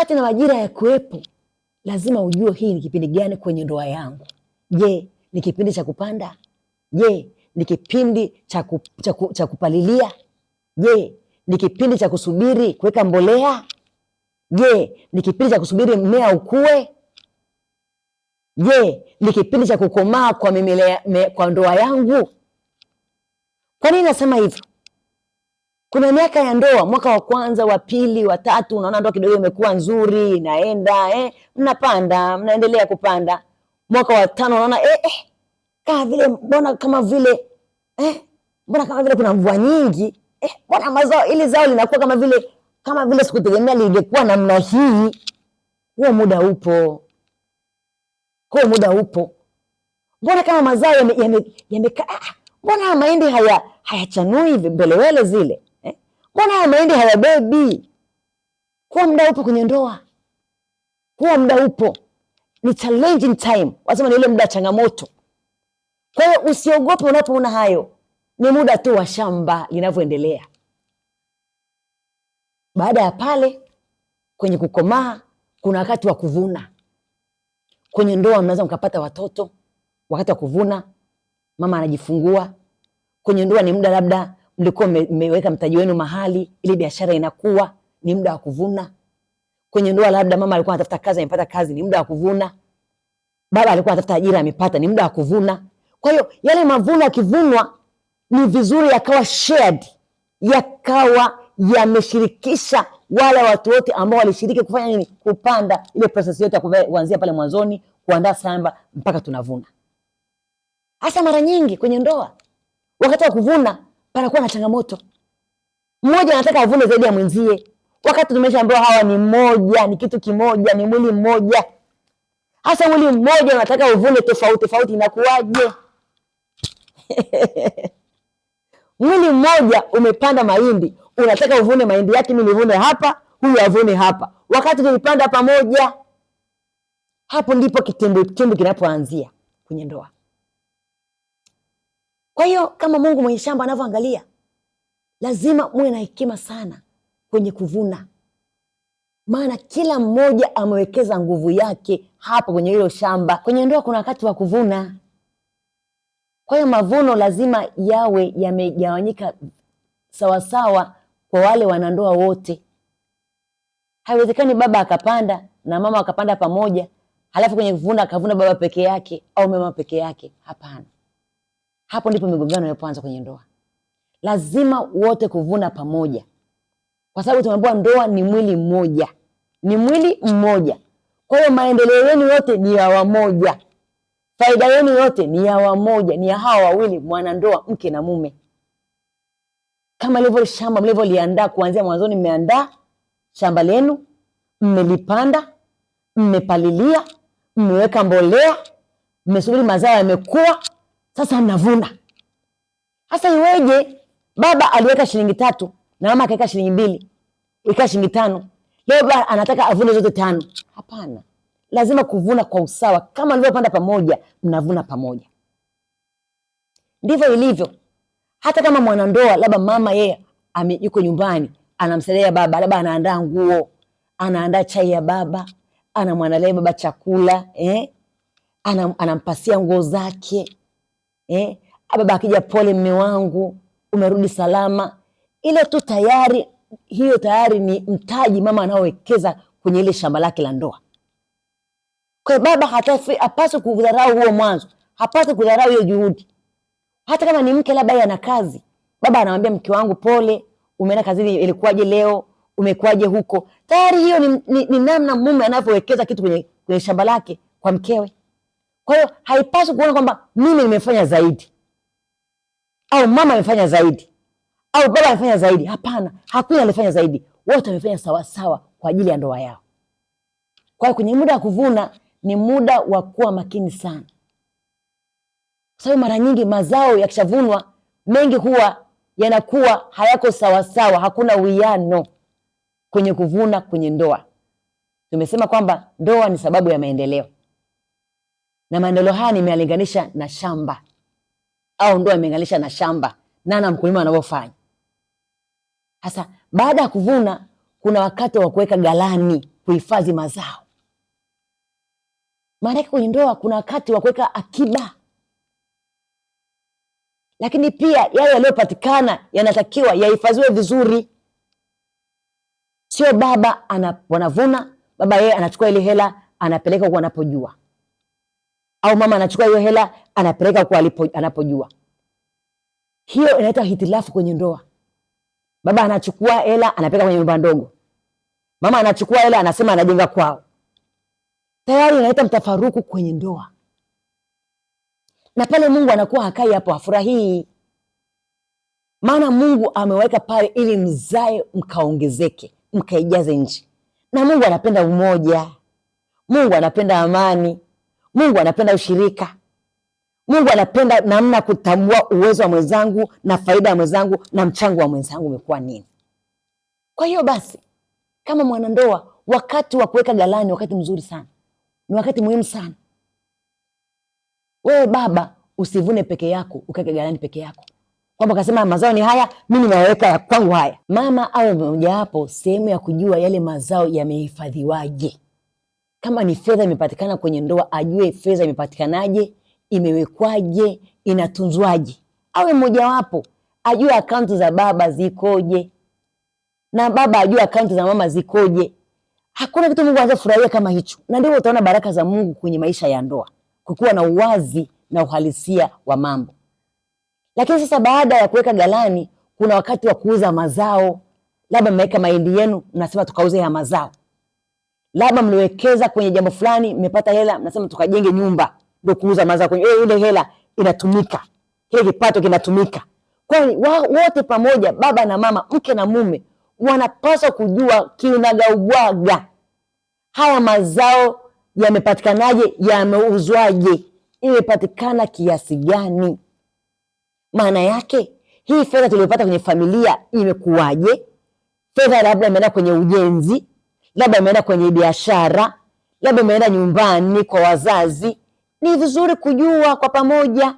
wakati na majira ya kuwepo, lazima ujue hii ni kipindi gani kwenye ndoa yangu. Je, ni kipindi cha kupanda? Je, ni kipindi cha ku, cha ku, cha kupalilia? Je, ni kipindi cha kusubiri kuweka mbolea? Je, ni kipindi cha kusubiri mmea ukue? Je, ni kipindi cha kukomaa kwa mimelea, me, kwa ndoa yangu? Kwa nini nasema hivyo? Kuna miaka ya ndoa, mwaka wa kwanza, wa pili, wa tatu, unaona ndoa kidogo imekuwa nzuri, inaenda eh, mnapanda, mnaendelea kupanda. Mwaka wa tano unaona eh, eh, kama vile mbona kama vile eh, mbona kama vile kuna mvua nyingi eh, mbona mazao ili zao linakuwa kama vile kama vile sikutegemea lingekuwa namna hii. Huo muda upo, huo muda upo. Mbona kama mazao yamekaa yame, yame, ah, mbona mahindi haya hayachanui vibelewele zile Mbona haya mahindi hayabebi? Huwa muda upo kwenye ndoa, huwa muda upo, ni challenging time, wasema ni ule muda wa changamoto. Kwa hiyo usiogope unapoona hayo, ni muda tu wa shamba linavyoendelea. Baada ya pale kwenye kukomaa, kuna wakati wa kuvuna. Kwenye ndoa mnaweza mkapata watoto, wakati wa kuvuna, mama anajifungua. Kwenye ndoa ni muda labda mlikuwa mmeweka mtaji wenu mahali, ili biashara inakuwa, ni muda wa kuvuna. Kwenye ndoa, labda mama alikuwa anatafuta kazi, amepata kazi, ni muda wa kuvuna. Baba alikuwa anatafuta ajira, amepata, ni muda wa kuvuna. Kwa hiyo yale mavuno yakivunwa, ni vizuri yakawa shared, yakawa yameshirikisha wale watu wote ambao walishiriki kufanya nini, kupanda ile process yote ya kuanzia pale mwanzoni, kuandaa shamba mpaka tunavuna. Hasa mara nyingi kwenye ndoa, wakati wa kuvuna panakuwa na changamoto, mmoja anataka avune zaidi ya mwenzie, wakati tumeshaambiwa hawa ni mmoja, ni kitu kimoja, ni mwili mmoja. Hasa mwili mmoja unataka uvune tofauti tofauti, inakuwaje? mwili mmoja umepanda mahindi, unataka uvune mahindi yake, mimi nivune hapa, huyu avune hapa, wakati tulipanda pamoja. Hapo ndipo kitimbu chumbu kinapoanzia kwenye ndoa. Kwa hiyo kama Mungu mwenye shamba anavyoangalia, lazima muwe na hekima sana kwenye kuvuna, maana kila mmoja amewekeza nguvu yake hapo kwenye hilo shamba. Kwenye ndoa kuna wakati wa kuvuna, kwa hiyo mavuno lazima yawe yamegawanyika sawasawa kwa wale wanandoa wote. Haiwezekani baba akapanda na mama akapanda pamoja, halafu kwenye kuvuna akavuna baba peke yake au mama peke yake. Hapana. Hapo ndipo migongano inapoanza kwenye ndoa. Lazima wote kuvuna pamoja, kwa sababu tumeambiwa ndoa ni mwili mmoja, ni mwili mmoja. Kwa hiyo maendeleo yenu yote ni ya wamoja, faida yenu yote ni ya wamoja, ni ya hawa wawili, mwanandoa, mke na mume. Kama ilivyo shamba mlivyoliandaa kuanzia mwanzoni, mmeandaa shamba lenu, mmelipanda, mmepalilia, mmeweka mbolea, mmesubiri mazao yamekuwa sasa mnavuna sasa, iweje? Baba aliweka shilingi tatu na mama akaweka shilingi mbili, ikawa shilingi tano. Leo baba anataka avune zote tano? Hapana, lazima kuvuna kwa usawa. Kama mlivyopanda pamoja, mnavuna pamoja. Ndivyo ilivyo. Hata kama mwanandoa labda mama yeye yuko nyumbani anamsaidia baba, labda anaandaa nguo, anaandaa chai ya baba, anamwandalia baba chakula eh? Anam, anampasia nguo zake eh, baba akija, pole mme wangu, umerudi salama. Ile tu tayari, hiyo tayari ni mtaji mama anaowekeza kwenye ile shamba lake la ndoa. Kwa baba hatafi, apaswe kudharau huo mwanzo, hapaswe kudharau hiyo juhudi. Hata kama ni mke labda ana kazi, baba anamwambia mke wangu, pole, umeenda kazini, ilikuwaje leo, umekuwaje huko? Tayari hiyo ni, ni, ni namna mume anavyowekeza kitu kwenye, kwenye shamba lake kwa mkewe. Kwa hiyo haipaswi kuona kwamba mimi nimefanya zaidi au mama amefanya zaidi au baba amefanya zaidi. Hapana, hakuna alifanya zaidi, wote wamefanya sawasawa kwa ajili ya ndoa yao. Kwa hiyo kwenye muda wa kuvuna ni muda wa kuwa makini sana, kwa sababu mara nyingi mazao yakishavunwa mengi huwa yanakuwa hayako sawasawa, hakuna uwiano kwenye kuvuna kwenye ndoa. Tumesema kwamba ndoa ni sababu ya maendeleo na maendeleo haya nimealinganisha na shamba au ndoa imelinganisha na shamba, nana mkulima anavyofanya hasa. Baada ya kuvuna, kuna wakati wa kuweka galani kuhifadhi mazao. Maana kwenye ndoa kuna wakati wa kuweka akiba, lakini pia yale yaliyopatikana yanatakiwa yahifadhiwe vizuri. Sio baba wanavuna baba yeye anachukua ile hela anapeleka huku anapojua au mama anachukua hiyo hela anapeleka kwa alipo anapojua. Hiyo inaitwa hitilafu kwenye ndoa. Baba anachukua hela anapeleka kwenye nyumba ndogo, mama anachukua hela anasema anajenga kwao. Tayari inaleta mtafaruku kwenye ndoa, na pale Mungu anakuwa hakai hapo, hafurahii. Maana Mungu ameweka pale ili mzae, mkaongezeke, mkaijaze nchi, na Mungu anapenda umoja, Mungu anapenda amani. Mungu anapenda ushirika. Mungu anapenda namna kutambua uwezo wa mwenzangu na faida ya mwenzangu na mchango wa mwenzangu umekuwa nini. Kwa hiyo basi, kama mwanandoa, wakati wa kuweka galani wakati mzuri sana, ni wakati muhimu sana. Wewe baba, usivune peke yako ukaweka galani peke yako, kwamba kasema mazao ni haya, mimi naweka ya kwangu haya. Mama awe mojawapo sehemu ya kujua yale mazao yamehifadhiwaje kama ni fedha imepatikana kwenye ndoa, ajue fedha imepatikanaje, imewekwaje, inatunzwaje. Awe mmojawapo, ajue akaunti za baba zikoje, na baba ajue akaunti za mama zikoje. Hakuna kitu Mungu anaweza furahia kama hicho, na ndio utaona baraka za Mungu kwenye maisha ya ndoa, kukuwa na uwazi na uhalisia wa mambo. Lakini sasa, baada ya kuweka galani, kuna wakati wa kuuza mazao, labda mmeweka mahindi yenu, mnasema tukauze ya mazao labda mliwekeza kwenye jambo fulani, mmepata hela, mnasema tukajenge nyumba, ndio kuuza mazao kwenye eh, ile hela inatumika, kile kipato kinatumika. Kwani wote pamoja, baba na mama, mke na mume, wanapaswa kujua kinagaubwaga haya mazao yamepatikanaje, yameuzwaje, imepatikana kiasi gani. Maana yake hii fedha tuliyopata kwenye familia imekuwaje? Fedha labda imeenda kwenye ujenzi labda umeenda kwenye biashara, labda umeenda nyumbani kwa wazazi. Ni vizuri kujua kwa pamoja,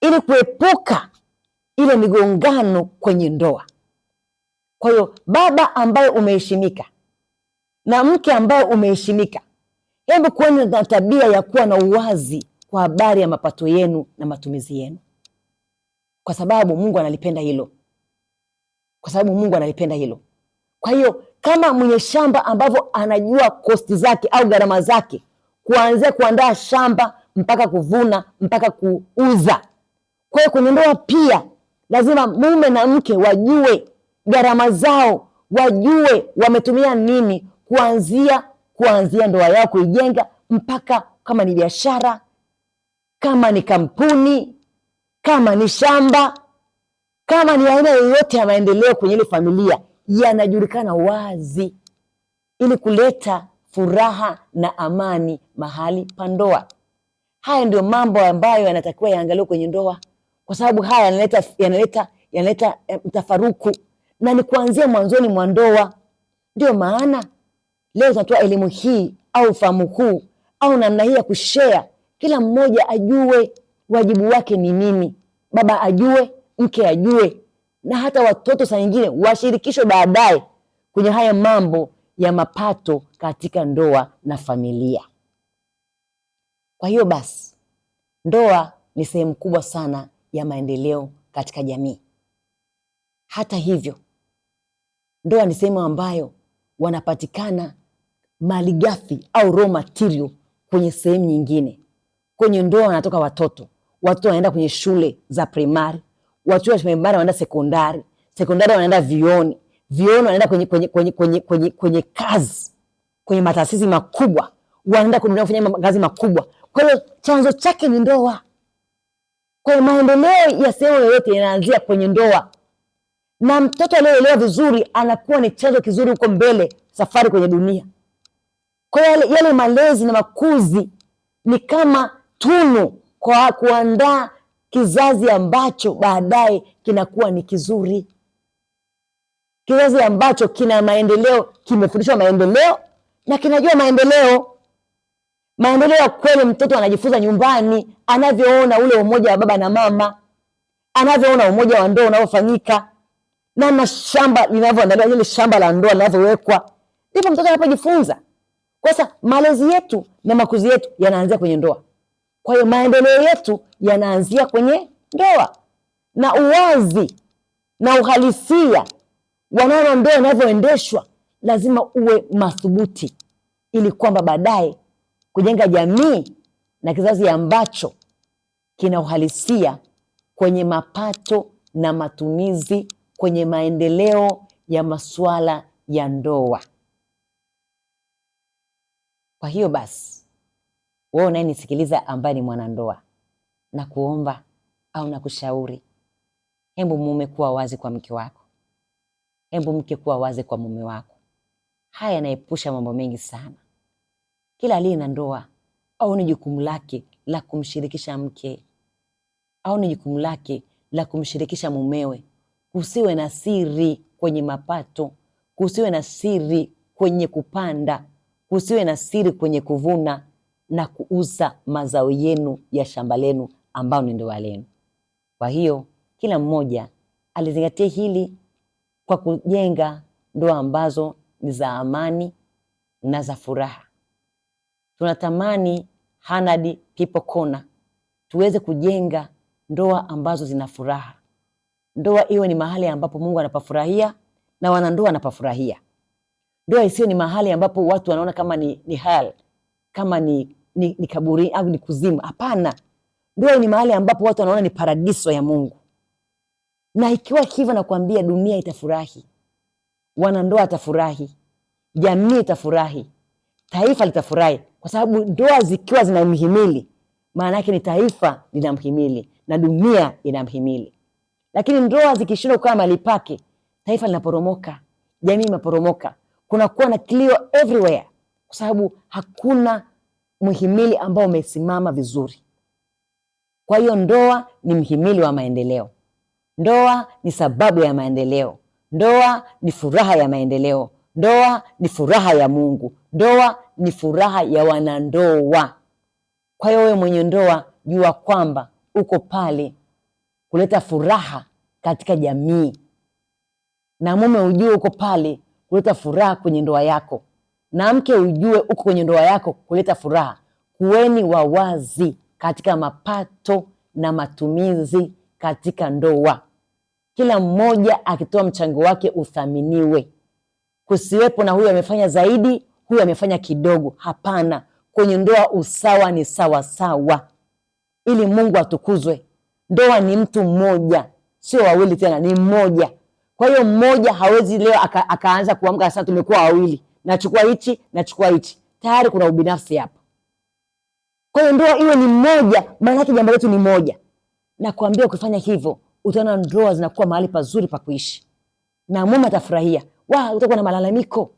ili kuepuka ile migongano kwenye ndoa. Kwa hiyo baba ambaye umeheshimika na mke ambaye umeheshimika, hebu kuweni na tabia ya kuwa na uwazi kwa habari ya mapato yenu na matumizi yenu, kwa sababu Mungu analipenda hilo, kwa sababu Mungu analipenda hilo. Kwa hiyo kama mwenye shamba ambavyo anajua kosti zake au gharama zake, kuanzia kuandaa shamba mpaka kuvuna mpaka kuuza. Kwa hiyo kwenye ndoa pia lazima mume na mke wajue gharama zao, wajue wametumia nini, kuanzia kuanzia ndoa yao kuijenga mpaka kama ni biashara, kama ni kampuni, kama ni shamba, kama ni aina yoyote ya maendeleo kwenye ile familia yanajulikana wazi ili kuleta furaha na amani mahali pa ndoa. Haya ndio mambo ambayo yanatakiwa yaangaliwe kwenye ndoa, kwa sababu haya yanaleta yanaleta yanaleta eh, mtafaruku na ni kuanzia mwanzoni mwa ndoa. Ndio maana leo tunatoa elimu hii au ufahamu huu au namna hii ya kushea, kila mmoja ajue wajibu wake ni nini, baba ajue, mke ajue, na hata watoto saa nyingine washirikishwe baadaye kwenye haya mambo ya mapato katika ndoa na familia. Kwa hiyo basi, ndoa ni sehemu kubwa sana ya maendeleo katika jamii. Hata hivyo, ndoa ni sehemu ambayo wanapatikana malighafi au raw material kwenye sehemu nyingine. Kwenye ndoa wanatoka watoto, watoto wanaenda kwenye shule za primari wachuo cha mbali wanaenda sekondari, sekondari wanaenda vioni, vioni wanaenda kwenye, kwenye, kwenye, kwenye, kwenye, kwenye kazi, kwenye mataasisi makubwa, wanaenda kuendelea kufanya kazi makubwa. Kwa hiyo chanzo chake ni ndoa. Kwa hiyo maendeleo ya sehemu yoyote yanaanzia kwenye ndoa, na mtoto aliyeelewa vizuri anakuwa ni chanzo kizuri huko mbele, safari kwenye dunia. Kwa hiyo yale malezi na makuzi ni kama tunu kwa kuandaa kizazi ambacho baadaye kinakuwa ni kizuri, kizazi ambacho kina maendeleo, kimefundishwa maendeleo na kinajua maendeleo. Maendeleo ya kweli mtoto anajifunza nyumbani, anavyoona ule umoja wa baba na mama, anavyoona umoja wa ndoa unaofanyika, namna shamba linavyoandaliwa, lile shamba la ndoa linavyowekwa, ndipo mtoto anapojifunza. Kwa sasa malezi yetu na makuzi yetu yanaanzia kwenye ndoa. Kwa hiyo maendeleo yetu yanaanzia kwenye ndoa na uwazi na uhalisia wa namna ndoa inavyoendeshwa lazima uwe mathubuti, ili kwamba baadaye kujenga jamii na kizazi ambacho kina uhalisia kwenye mapato na matumizi, kwenye maendeleo ya masuala ya ndoa. Kwa hiyo basi wewe unayenisikiliza ambaye ni mwanandoa, na kuomba au na kushauri, hebu mume kuwa wazi kwa mke wako, hebu mke kuwa wazi kwa mume wako. Haya yanaepusha mambo mengi sana. Kila aliye na ndoa au ni jukumu lake la kumshirikisha mke au ni jukumu lake la kumshirikisha mumewe. Kusiwe na siri kwenye mapato, kusiwe na siri kwenye kupanda, kusiwe na siri kwenye kuvuna na kuuza mazao yenu ya shamba lenu ambao ni ndoa lenu. Kwa hiyo kila mmoja alizingatia hili kwa kujenga ndoa ambazo ni za amani na za furaha. Tunatamani Hanadi People Corner tuweze kujenga ndoa ambazo zina furaha. Ndoa iwe ni mahali ambapo Mungu anapafurahia na wanandoa anapafurahia. Ndoa isiyo ni mahali ambapo watu wanaona kama ni, ni hal, kama ni ni, ni kaburi au ni kuzimu. Hapana, ndoa ni mahali ambapo watu wanaona ni paradiso ya Mungu, na ikiwa hivyo, nakwambia dunia itafurahi, wanandoa atafurahi, jamii itafurahi, taifa litafurahi, kwa sababu ndoa zikiwa zina mhimili, maana yake ni taifa lina mhimili na dunia ina mhimili. Lakini ndoa zikishindwa kukaa mahali pake, taifa linaporomoka, jamii inaporomoka, kunakuwa na kilio everywhere, kwa sababu hakuna mhimili ambao umesimama vizuri. Kwa hiyo ndoa ni mhimili wa maendeleo. Ndoa ni sababu ya maendeleo. Ndoa ni furaha ya maendeleo. Ndoa ni furaha ya Mungu. Ndoa ni furaha ya wanandoa. Kwa hiyo wewe mwenye ndoa, jua kwamba uko pale kuleta furaha katika jamii, na mume ujue uko pale kuleta furaha kwenye ndoa yako na mke ujue uko kwenye ndoa yako kuleta furaha. Kuweni wawazi katika mapato na matumizi katika ndoa, kila mmoja akitoa mchango wake uthaminiwe. Kusiwepo na huyu amefanya zaidi, huyu amefanya kidogo. Hapana, kwenye ndoa usawa ni sawasawa, ili Mungu atukuzwe. Ndoa ni mtu mmoja, sio wawili tena, ni mmoja. Kwa hiyo mmoja hawezi leo aka, akaanza kuamka sasa tumekuwa wawili nachukua hichi, nachukua hichi, tayari kuna ubinafsi hapo. Kwa hiyo ndoa iwe ni moja, maana yake jambo letu ni moja. Nakwambia ukifanya hivyo utaona ndoa zinakuwa mahali pazuri pa kuishi, na mume atafurahia. Wa utakuwa na malalamiko,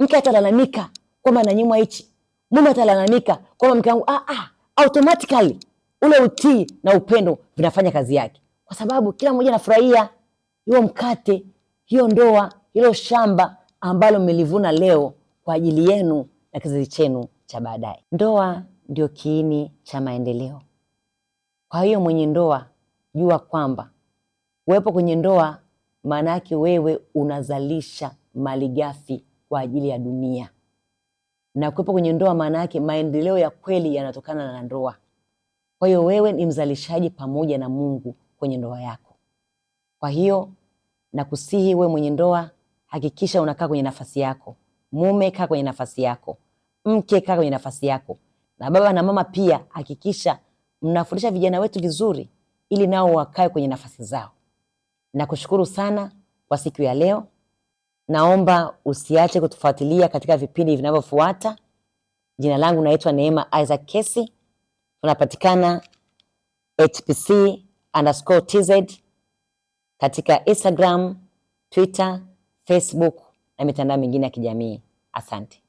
mke atalalamika kwamba nanyimwa hichi, mume atalalamika kwamba mke wangu ah, ah, automatically ule utii na upendo vinafanya kazi yake, kwa sababu kila mmoja anafurahia hiyo mkate, hiyo ndoa, hilo shamba ambalo mmelivuna leo kwa ajili yenu na kizazi chenu cha baadaye. Ndoa ndio kiini cha maendeleo. Kwa hiyo mwenye ndoa, jua kwamba uwepo kwenye ndoa maana yake wewe unazalisha malighafi kwa ajili ya dunia, na kuwepo kwenye ndoa maana yake maendeleo ya kweli yanatokana na ndoa. Kwa hiyo wewe ni mzalishaji pamoja na Mungu kwenye ndoa yako. Kwa hiyo nakusihi wewe mwenye ndoa hakikisha unakaa kwenye nafasi yako. Mume, kaa kwenye nafasi yako. Mke, kaa kwenye nafasi yako. Na baba na mama pia, hakikisha mnafundisha vijana wetu vizuri, ili nao wakae kwenye nafasi zao. Nakushukuru sana kwa siku ya leo. Naomba usiache kutufuatilia katika vipindi vinavyofuata. Jina langu naitwa Neema Isaac Kesi. Tunapatikana tz katika Instagram, Twitter Facebook na mitandao mingine ya kijamii. Asante.